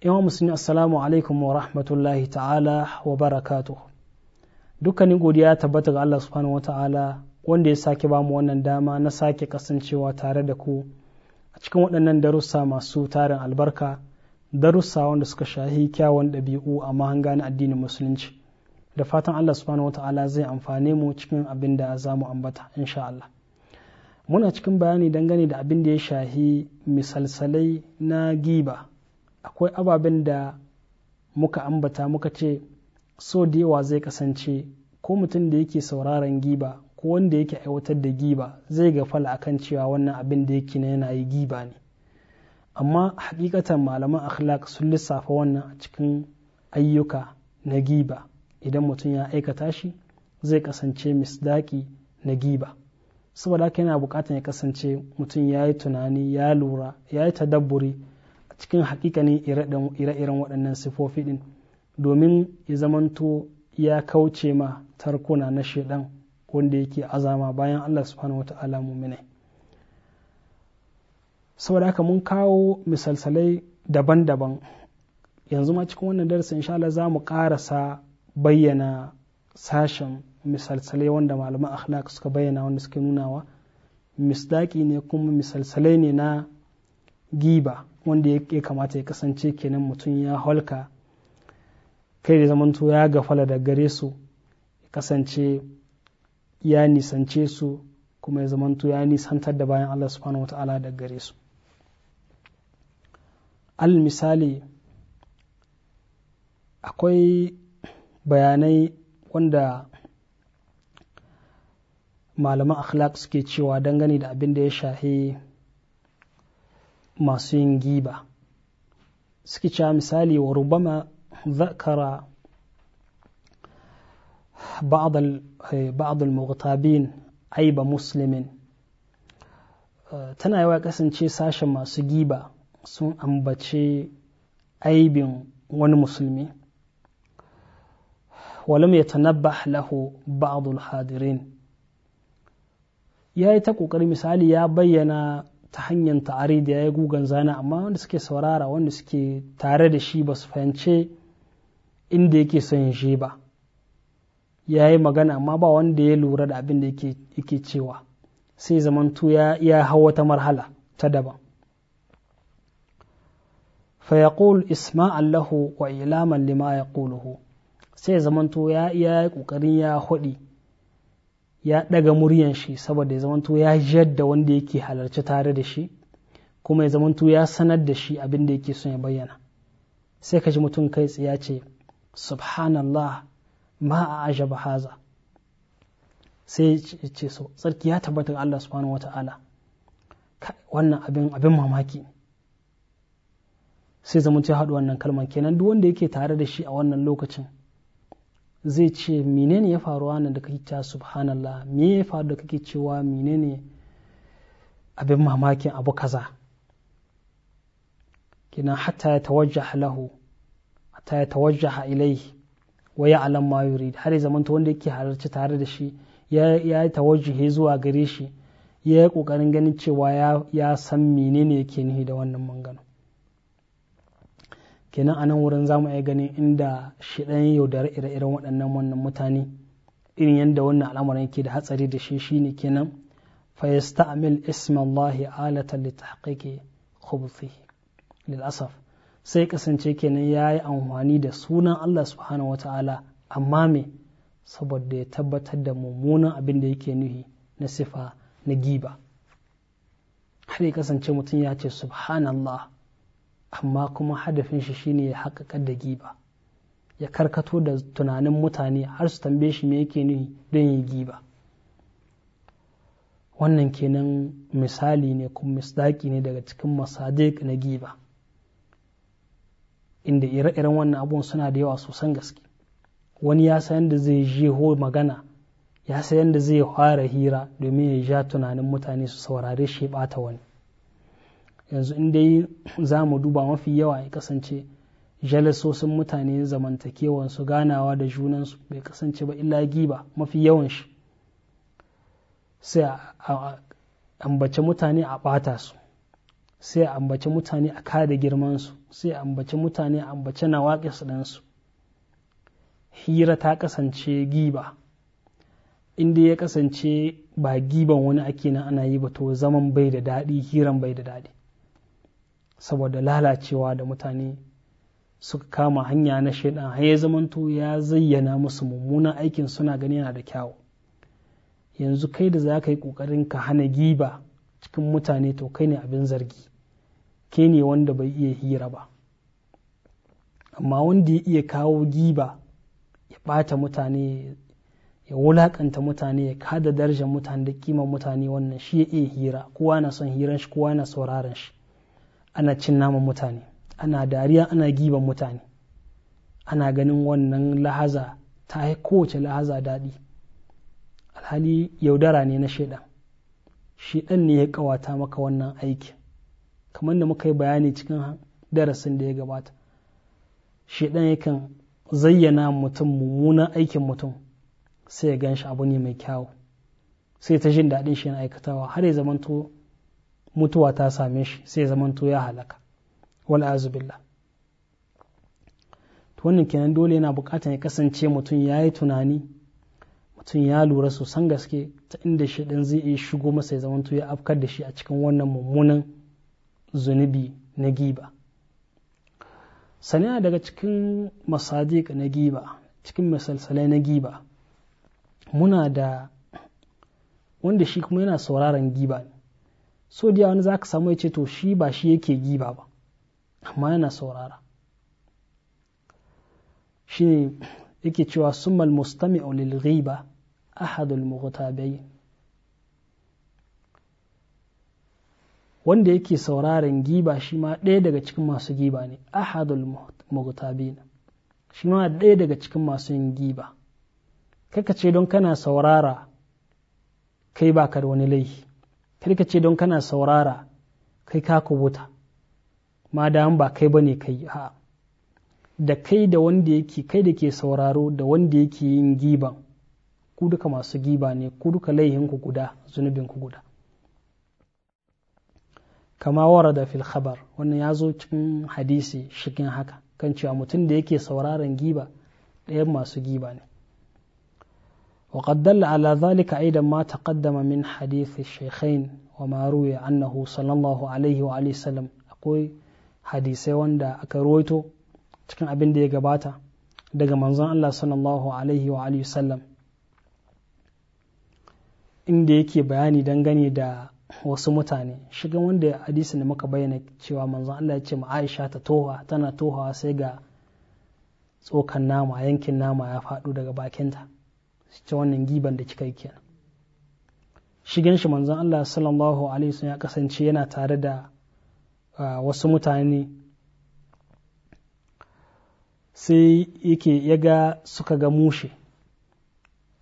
yawan musulmi assalamu alaikum wa rahmatullahi ta'ala wa barakatuh dukkanin godiya tabbata ga Allah subhanahu wa ta'ala wanda ya sake bamu wannan dama na sake kasancewa tare da ku a cikin waɗannan darussa masu tarin albarka darussa wanda suka shahi kyawun ɗabi'u a mahanga na addinin musulunci da fatan Allah subhanahu wa ta'ala zai amfane mu cikin abin da za mu ambata insha Allah muna cikin bayani dangane da abin da ya shahi misalsalai na giba akwai ababen da muka ambata muka ce so da yawa zai kasance ko mutum da yake sauraron giba ko wanda yake aiwatar da giba zai gafala akan cewa wannan abin da yake na yana yi giba ne amma hakikatan malaman akhlaq sun lissafa wannan a cikin ayyuka na giba idan mutum ya aikata shi zai kasance misdaki na giba saboda haka yana bukatar ya kasance mutum ya yi tunani ya lura ya yi tadabburi cikin hakikanin ire-iren waɗannan sifofi ɗin domin ya zamanto ya kauce ma tarkuna na shaidan wanda yake azama bayan Allah subhanahu wata'ala mumine saboda haka mun kawo misalsalai daban-daban yanzu ma cikin wannan darasin insha Allah za mu ƙarasa bayyana sashen misalsalai wanda malaman akhlaq suka bayyana wanda suke nunawa misdaki ne kuma misalsalai ne na giba wanda ya kamata ya kasance kenan mutum ya halka kai da zamanto ya gafala da gare su ya kasance ya nisance su kuma ya zamanto ya nisantar da bayan Allah subhanahu wa ta'ala da gare su al misali akwai bayanai wanda malaman akhlaq suke cewa dangane da abin da ya shahi masu yin giba suke cewa misali wa rubama zakara بعض المغتابين عيب مسلم tana yawa kasance sashen masu giba sun ambace aibin wani musulmi walam ya tanabba lahu ba'dul hadirin ya yi ta ƙoƙari misali ya bayyana ta hanyar ta'ari da ya yi gugan zana amma wanda suke saurara wanda suke tare da shi ba su fahimce inda yake son shi ba ya yi magana amma ba wanda ya lura da abin da yake cewa sai zamantu ya hau wata marhala ta daban fayaqul isma'an lahu wa ilaman lima yaquluhu sai zamantu ya yi kokarin ya hudi ya ɗaga muryan shi saboda ya zamanto ya jadda wanda yake halarci tare da shi kuma ya zamanto ya sanar da shi abin da yake son ya bayyana sai ka ji mutum kai tsaye ce subhanallah ma a ajaba haza sai ya ce so tsarki ya tabbata ga Allah subhanahu wa wannan abin abin mamaki sai zamanto ya haɗu wannan kalman kenan duk wanda yake tare da shi a wannan lokacin zai ce menene ya faru nan da kake cewa subhanallah me ya faru da kake cewa menene abin mamakin abu kaza kina hatta ya tawajjaha lahu hatta ya tawajjaha ilaihi wa alam ma yurid har ya zamanta wanda yake halarci tare da shi ya ya tawajjuhe zuwa gare shi ya yi kokarin ganin cewa ya san menene yake nihi da wannan mangana kenan anan wurin za mu iya ganin inda shiɗan yaudare ire-iren waɗannan wannan mutane irin yadda wannan al'amarin yake da hatsari da shi shine kenan fa yasta'mil ism Allah alatan li tahqiqi khubthihi lil asaf sai kasance kenan yayi amfani da sunan Allah subhanahu wataala amma me saboda ya tabbatar da mummunan abin da yake nuhi na sifa na giba har ya kasance mutum ya ce subhanallah amma kuma hadafin shi shine ya haƙaƙar da giba ya karkato da tunanin mutane har su tambaye shi me yake nuhi don yi giba wannan kenan misali ne kuma misdaki ne daga cikin masadiq na giba inda ire-iren wannan abun suna da yawa sosan gaske wani ya san yadda zai ho magana ya san yadda zai fara hira domin ya ja tunanin mutane su saurare shi ya bata wani yanzu in dai za mu duba mafi yawa ya kasance jalasosin mutane zamantakewansu ganawa da junansu bai kasance ba illa giba mafi yawan shi sai a ambace mutane a ɓata su sai a ambace mutane a kada girmansu sai a ambace mutane a ambace na waƙe su. hira ta kasance giba inda ya kasance ba giban wani ake nan ana yi ba to zaman bai da daɗi hiran bai da daɗi saboda lalacewa da mutane suka kama hanya na shaidan har ya zamanto ya zayyana musu mummunan aikin suna gani yana da kyawu yanzu kai da za ka yi ƙoƙarin ka hana giba cikin mutane to kai ne abin zargi ke ne wanda bai iya hira ba amma wanda ya iya kawo giba ya ɓata mutane ya wulaƙanta mutane ya kada darajar mutane da kiman mutane wannan shi ya iya hira kowa na son hiran shi kowa na sauraron shi ana cin naman mutane ana dariya ana giban mutane ana ganin wannan lahaza ta yi kowace lahaza daɗi alhali yaudara ne na shaidan shaidan ne ya kawata maka wannan aiki kamar da muka yi bayani cikin darasin da ya gabata shaidan yakan zayyana mutum mummunan aikin mutum sai ya gan shi abu ne mai kyawu sai ta jin daɗin shi na aikatawa har ya zamanto mutuwa ta same shi sai zamanto ya halaka wal'azubillah to wannan kenan dole yana bukatar ya kasance mutum ya yi tunani mutum ya lura sosan gaske ta inda shi ɗin zai iya shigo masa ya zamanto ya afkar da shi a cikin wannan mummunan zunubi na giba sani daga cikin masadiq na giba cikin misalsalai na giba muna da wanda shi kuma yana sauraron giba ne. so da wani za ka samu ya ce to shi ba shi yake giba ba amma yana saurara shi ne yake cewa summal mustami'u lil ghiba ahadul mughtabain wanda yake sauraren giba shi ma ɗaya daga cikin masu giba ne ahadul mughtabin shi ma ɗaya daga cikin masu yin giba kaka ce don kana saurara kai baka da wani laifi karka ce don kana saurara kai ka kubuta ma da ba kai bane kai a da kai da wanda yake kai da ke sauraro da wanda yake yin giban ku duka masu giba ne ku duka laihin guda zunubinku guda kama wara da fil khabar wannan ya zo cikin hadisi shikin haka kan cewa mutum da yake sauraron giba ɗayan masu giba ne وقد دل على ذلك أيضا ما تقدم من حديث الشيخين وما روي أنه صلى الله عليه وآله وسلم أقول حديثي واندا أكرويتو cikin abin da ya gabata daga manzon Allah الله عليه وسلم إن inda yake bayani dangane da wasu mutane shigan wanda ya hadisi da muka bayyana cewa manzon Allah ya ce ma Aisha ta toha tana tohawa sai ga tsokan nama yankin nama ya faɗo daga bakinta su ce wannan giban da kika yi kenan shigen shi manzon Allah sallallahu alaihi wasallam ya kasance yana tare da ah, wasu mutane sai yake ya ga suka ga mushe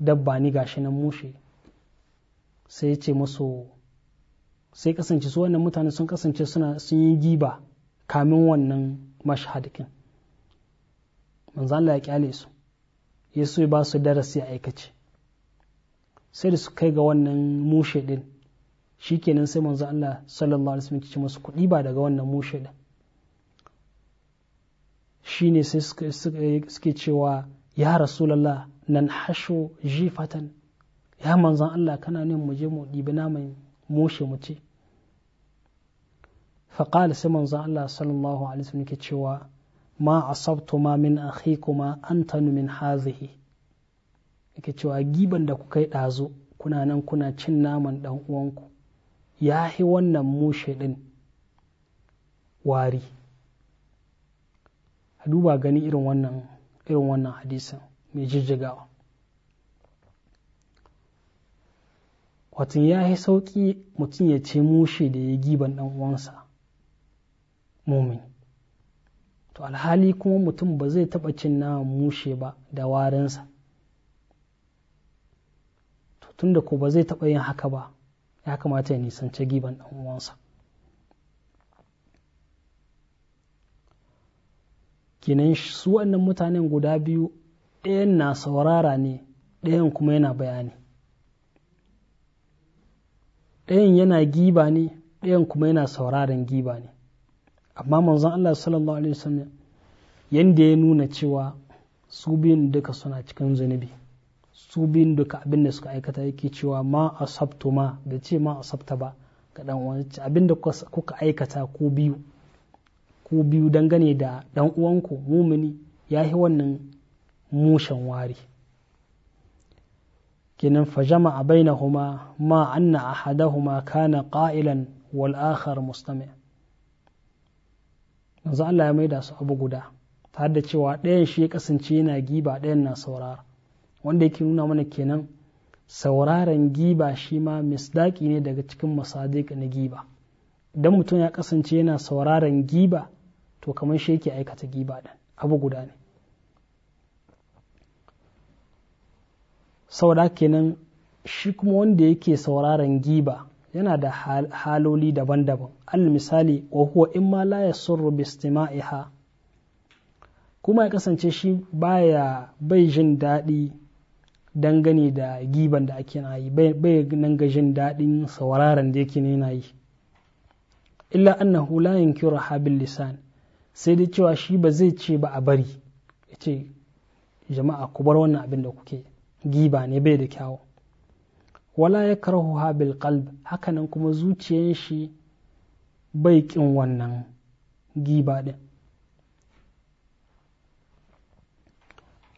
dabba ni gashi nan mushe sai ya ce musu sai kasance su wannan mutane sun kasance suna sun yi giba kamin wannan mashahadikin manzan Allah ya kyale su Yesu ya ba su darasi a aikace sai da su kai ga wannan mushe din kenan sai manzo Allah sallallahu alaihi wasallam ce musu kuɗi ba daga wannan mushe din shine sai suke cewa ya rasulullah nan hasho jifatan ya manzon Allah kana ne mu je mu ɗibi naman mushe mu ce faƙala sai manzon Allah sallallahu alaihi wasallam ke cewa ma asabtuma min akhikuma antanu min hazihi yake cewa giban da kuka yi ɗazu kuna nan kuna cin naman ɗan uwanku ya yi wannan mushe ɗin wari a duba gani irin wannan irin wannan hadisin mai jijjigawa watan ya yi sauƙi mutum ya ce mushe da ya giban ɗan uwansa mumin to alhali kuma mutum ba zai taɓa cin naman mushe ba da warinsa to tunda ko ba zai taɓa yin haka ba ya kamata ya nisance giban ɗan uwansa kinan su wannan mutanen guda biyu ɗayan na saurara ne ɗayan kuma yana bayani ɗayan yana giba ne ɗayan kuma yana sauraren giba ne amma manzon Allah sallallahu alaihi wasallam yanda ya nuna cewa su biyun duka suna cikin zunubi su biyun duka abin da suka aikata yake cewa ma asabtu ma bai ce ma asabta ba ga dan uwan abin da kuka aikata ko biyu ko biyu dangane da dan uwanku mumini ya yi wannan mushen wari kinan fajama a huma ma anna ahadahuma kana qa'ilan wal akhar mustami' yanzu Allah ya maida su abu guda ta da cewa ɗayan shi ya kasance yana giba ɗayan na saurara wanda yake nuna mana kenan sauraron giba shi ma misdaki ne daga cikin masadiq na giba idan mutum ya kasance yana sauraron giba to kamar shi yake aikata giba ɗin abu guda ne saboda kenan shi kuma wanda yake sauraron giba yana da haloli daban-daban al misali wa huwa imma la yasurru bi istima'iha kuma ya kasance shi baya bai jin daɗi dangane da giban da ake na yi bai nan ga jin daɗin sauraron da yake nuna yi illa annahu la yankiru habil lisan sai dai cewa shi ba zai ce ba a bari ya ce jama'a ku bar wannan abin da kuke giba ne bai da kyawu wala ya karahuha bil ƙalb hakanan kuma zuciyan shi bai kin wannan giba din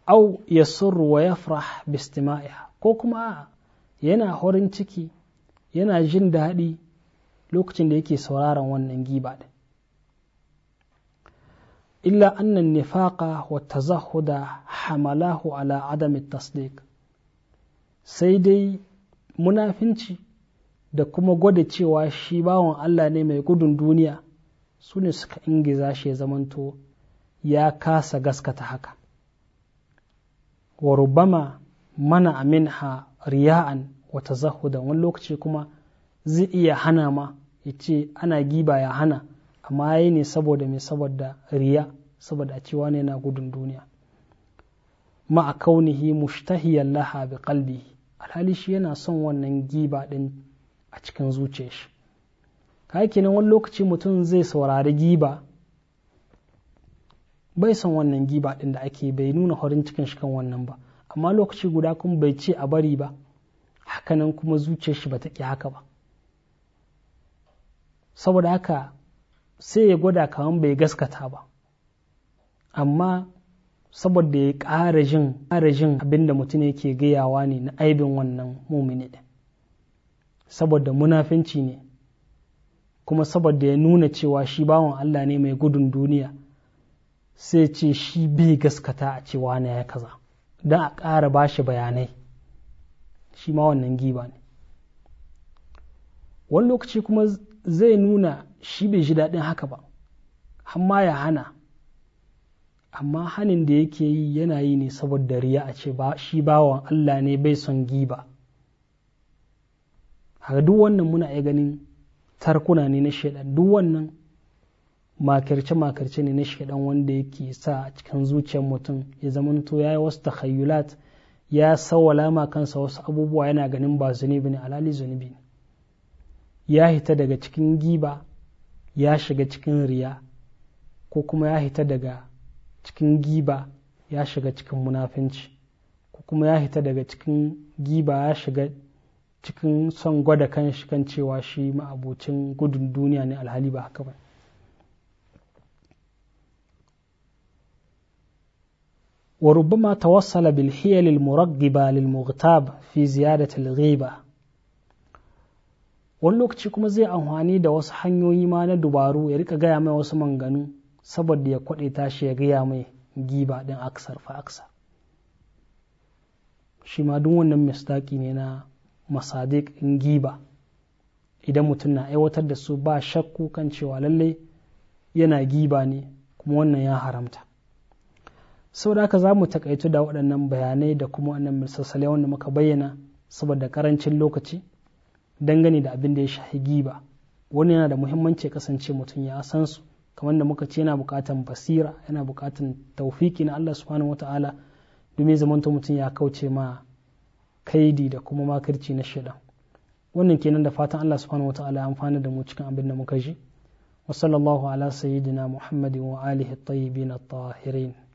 au ya surru wa yafrah bi ko kuma yana horin ciki yana jin daɗi lokacin da yake sauraron wannan giba din illa annan nifaqa wa tazahuda hamalahu ala adam tasdiq sai dai munafinci da kuma gwada cewa shi bawan Allah ne mai gudun duniya su ne suka ingiza shi ya zamanto ya kasa gaskata haka warubama mana mana ha riya'an wata zahudan wani lokaci kuma zai iya hana ma ya ce ana giba ya hana amma ya yi ne saboda mai saboda riya saboda a cewa ne na gudun duniya Ma a kaunihi mushtahiyan laha bi qalbihi alhali shi yana son wannan giba din a cikin zuciyar shi ka kenan wani lokaci mutum zai saurari giba bai son wannan giba din da ake bai nuna horin cikin shi kan wannan ba amma lokaci guda kuma bai ce a bari ba hakanan kuma zuciyar shi bata ƙi haka ba saboda haka sai ya gwada kaman bai gaskata ba amma saboda ya kara jin abin da mutum yake gayawa ne na aibin wannan mumini ɗin saboda munafinci ne kuma saboda ya nuna cewa shi bawan Allah ne mai gudun duniya sai ce shi bai gaskata a cewa na ya kaza don a ƙara ba shi bayanai shi ma wannan giba ne wani lokaci kuma zai nuna shi bai ji daɗin haka ba amma ya hana amma hanin da yake yi yana yi ne saboda riya a ce shi bawan Allah ne bai son giba haka duk wannan muna iya ganin tarkuna ne na shaidan duk wannan makarce-makarce ne na shaidan wanda yake sa a cikin zuciyar mutum ya zamanto ya yi wasu takhayyulat ya sawala ma kansa wasu abubuwa yana ganin ba zunubi ne alali zunubi ne ya hita daga cikin giba ya shiga cikin riya ko kuma ya hita daga cikin giba ya shiga cikin munafinci ko kuma ya hita daga cikin giba ya shiga cikin son gwada kan shi kan cewa shi ma'abocin gudun duniya ne alhali ba haka ba وربما توصل بالحيل المرغبة للمغتاب في زيادة الغيبة wani lokaci kuma zai amfani da wasu hanyoyi ma na dubaru ya rika gaya wasu manganu saboda ya kwaɗe shi ya gaya mai giba ɗin aksar fa aksar shi ma duk wannan mistaki ne na masadik in giba idan mutum na aiwatar da su ba shakku kan cewa lallai yana giba ne kuma wannan ya haramta saboda haka za mu takaitu da waɗannan bayanai da kuma wannan misalsalai wanda muka bayyana saboda karancin lokaci dangane da abin da ya shahi giba wani yana da muhimmanci kasance mutum ya san su kamar da muka ce yana bukatan basira yana bukatan taufiki na Allah subhanahu wataala domin zamanta mutum ya kauce ma kaidi da kuma makirci na shida. wannan kenan da fatan Allah subhanahu wataala amfana da mu cikin abin da muka ji wa sallallahu ala sayyidina muhammadin wa alihi at-tayyibin at-tahirin